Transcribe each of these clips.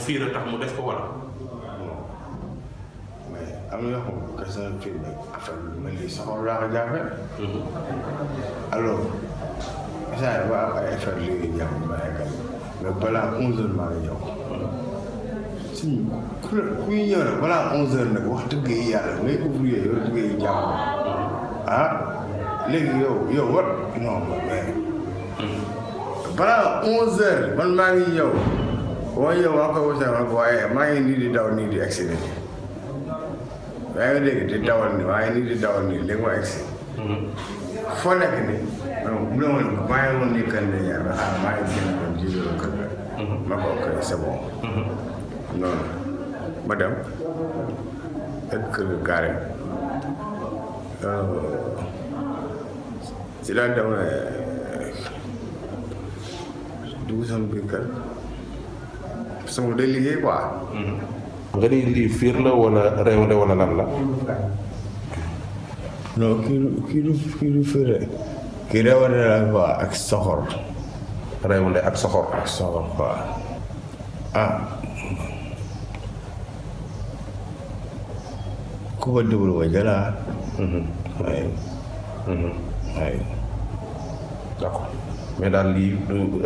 fiir a tax mu def ko wala. mais am na yoo xam ne kese na fiir bi ko jàppee. Mhm. alors saa yi waa ay affaire léegi jàpp ma ay gan mais balaa onze heures maa ngi ñëw. suñ ku la ku ñu ñëw nag balaa onze heures nag wax dëgg yi yàlla ngay ouvrier yow dëgg yi jàpp ah léegi yow yow non mais. Mhm. balaa onze heures man maa ngi comme yow maa koy waaye maa ngi nii di daw nii di egsi nii yaa ngi dégg di dawal nii maa nii di dawal nii léegi ma egsi. foo nekk nii bu ma ko maa ngi woon nii kan ne yàlla ah maa ngi génn ko ji loolu kan ma ko ok c'est bon. noonu ma dem ak kër gaare euh, si laa demee dugg sama kër. sama day liggéey quoi. Mm-hmm. nga ni lii fiir la wala réew la lan la. non kii du kii du fiir rek. kii réewale la quoi ak soxor. réewale ak soxor. ak soxor quoi ah. ku ba déglu waaye. Mm-hmm. waaye. Mm-hmm. d'accord mais daal lii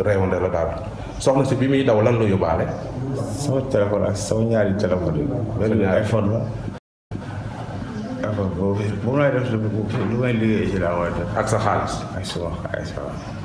réewande la daal. soxna si bi muy daw lan la yóbbaale. sama téléphone ak sama ñaari téléphone yi. benn ñaari iPhone la. iPhone boobu bu may def lu may liggéey ci laa mooy def. ak sa xaalis. ak sama xaalis waaw.